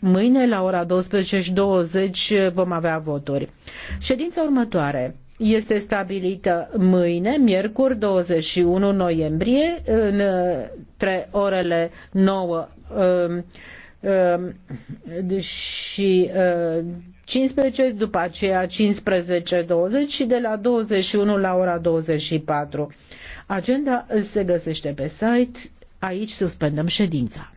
Mâine la ora 12.20 eh, vom avea voturi. Ședința următoare este stabilită mâine, miercuri 21 noiembrie, între orele 9 eh, eh, și 15, după aceea 15.20 și de la 21 la ora 24. Agenda se găsește pe site. Aici suspendăm ședința.